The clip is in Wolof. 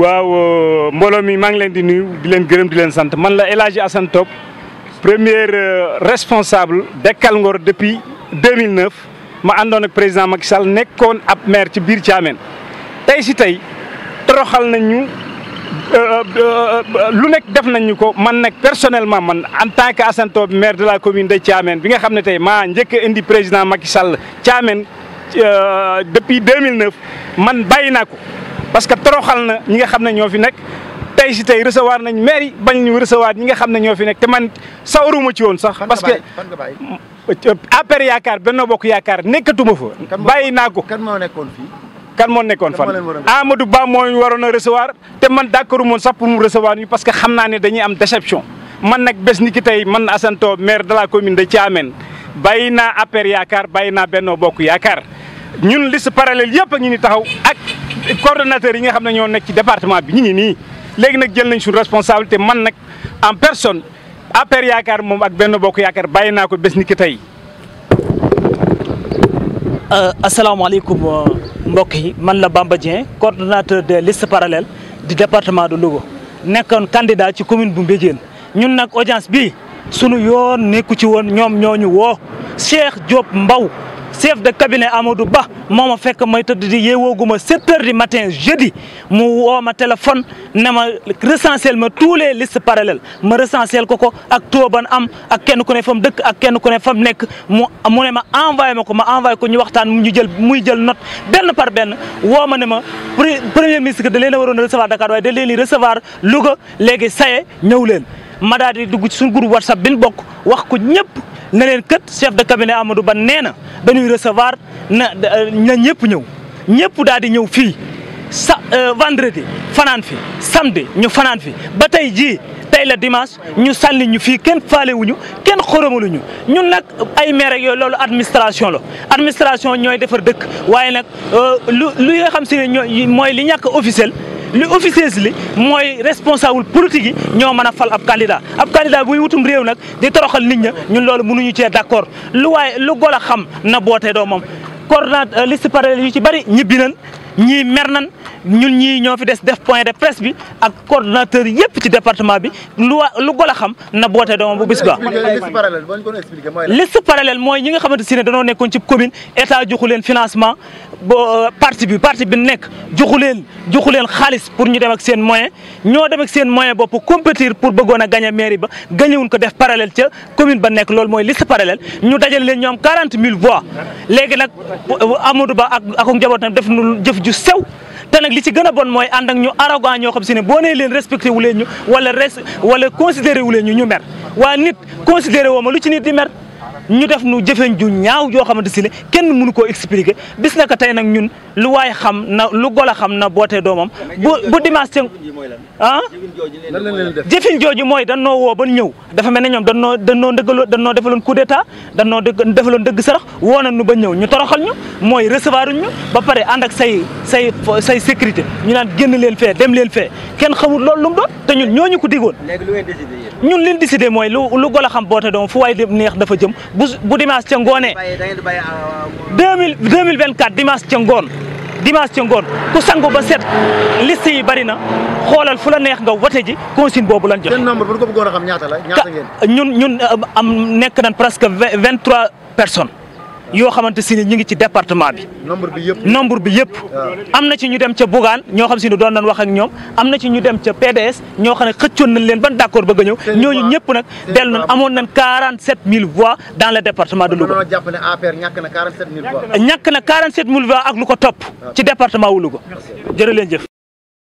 waaw euh, mbooloo mi maa ngi leen di nuyu di leen gërëm di leen sant man la El Hadji Assane Top premier euh, responsable Dekkal Ngor depuis 2009 ma andone ak président Macky Sall nekkoon ab maire ci biir Thiamène tey si tey toroxal nañ ñu euh, lu nekk def nañ ko man nag personnellement man en tant que Assane Top maire de la commune de Thiamène bi nga xam ne tey maa indi président Macky Sall Thiamène depuis 2009 man bàyyi naa parce que toroxal na ñi nga xam ne ñoo fi nekk tey si tey recevoir nañ maire yi bañ ñu recevoir ñi nga xam ne ñoo fi nekk te man sawaruma ci woon sax. parce que APR yaakaar Benno Bokk Yaakaar nekkatuma fa. bàyyi naa ko kan moo nekkoon fii. kan moo nekkoon fan Amadou baa mooy waroon a recevoir te man d'accord moon sax pour mu recevoir ñu parce que xam naa ne dañuy am déception man nag bés ni ki tey man Assane Tall maire de la commune de Thiamène bàyyi naa APR yaakaar bàyyi naa Benno Bokk Yaakaar ñun liste parallèle yëpp a ngi taxaw ak coordonnateurs yi nga xam na ñoo nekk ci département bi ñu ngi nii léegi nag jël nañ suñu responsabilité man nag en personne APR yaakaar moom ak benn bokk yaakaar bàyyi naa ko bés ni ki tey. Euh, asalaamaaleykum euh, mbokk yi man la Bamba Dieng coordonnateur des listes parallèles du département de Louga nekkoon candidat ci commune bu mbéjéen ñun nag audience bi sunu yoon nekku ci woon ñoom ñoo ñu woo Cheikh Diop Mbaw chef de cabinet Amadou Ba moo fek may tëdd di yewoguma 7 h du matin jeudi mu wo ma téléphone nema ma ma tous les listes parallèles ma recensel koko ak toban am ak kenn ku ne fa mu ak kenn ku ne fa mu nekk mu mu ne ma envoyé mako ma envoyé ko ñu waxtaan ñu jël muy jël note ben par ben wo ma ne ma premier ministre da leen a recevoir Dakar way da leen recevoir Louga légui saye ñew leen ma daal di dugg ci sun groupe WhatsApp bin bok wax ko ñëpp ne leen kët chef de cabinet Amadou Ba nee na dañuy recevoir na na ñëpp ñëw ñëpp daal di ñëw fii sa euh, vendredi fanaan fi samedi ñu fanaan fi ba tey jii tey la dimanche ñu sànni fii kenn faalewuñu kenn xoromaluñu ñun nag ay maire ak yooyu loolu administration la administration ñooy defar dëkk waaye nag euh, lu lu nga xam si ne ñooy mooy li ñàkk officiel li officiers li mooy responsable politique yi ñoo mën a fal ab candidat ab candidat buy wutum réew nag di toroxal nit ña ñun loolu mënuñu cee d'accord lu waaye lu gol a xam na bootee doomam coordonnate liste parallèle yu ci bari ñibbi nan ñii mer nan ñun ñi ñoo fi des def point de presse bi ak coordinateur yépp ci département bi lu lu xam na boté doomam bu bis ba liste parallèle moy ñi nga xamante si ne danoo ci commune état joxu leen financement ba euh, parti bi parti bi nekk joxu leen joxu leen xaalis pour ñu dem ak seen moyens ñoo dem ak seen moyen bopp compétir pour bëggona gagner mairie ba gagné wuñ ko def parallèle ci commune ba nekk lool moy liste parallèle ñu dajal leen ñom 40000 voix légui nak Amadou Ba ak ak njabootam def nu jëf ju sew te nag li ci gën a bon mooy ànd ak ñu arrogant ñoo xam si ne boo nee leen respecté wu ñu wala res wala considéré wu leen ñu ñu mer waa nit considéré woo ma lu ci nit di mer ñu def nu jëfeñ ju ñaaw joo xamante si ne kenn mënu koo expliquer bis na ko tey nag ñun lu waaye xam na lu gol xam na bootee doomam bu bu dimanche te ah jëfin jooju mooy ah? dan woo ban ñëw dafa mel ne ñoom dan noo dan noo dëggaloo dan noo defaloon coup d'état dan noo defaloon dëgg sarax woo nañ nu ba ñëw ñu toroxal ñu mooy recevoiruñ ñu ba pare ànd ak say say say sécurité ñu nane genn leen fé dem leen fé kenn xamul loolu lu mu doon te ñun ñoñu ko digoon. légui lu ngeen décidé ñun liñ ñu décidé mooy lu lu golo xam boté doom fu way neex dafa jëm bu dimanche ci ngone ah, ah, ah, deux mille dimanche ci ngone dimanche ci ngone ku sangu ba set liste yi bari na xolal fu la neex nga wote ji consigne bobu lañ joxe. sen nombre bu ko bëggoon a xam ñaata la ñaata ngeen. ñun ñun am nekk nañ presque 23 personnes. yoo xamante si ni ñu ngi ci département bi. nombre bi yëpp nombre bi yëpp. am na ci ñu dem ca Bougane ñoo xam si doon nañ wax ak ñoom am na ci ñu dem ca PDS ñoo xam ne xëccoon nañ leen ban d' accord bëgg a ñëw. ñooñu ñëpp nag dellu nañ amoon nañ 47000 voix dans le département de Louga. kon dañoo jàpp ne APR ñàkk na 47000 voix. ñàkk na ak lu ko topp. ci département wu Louga. jërë jëf.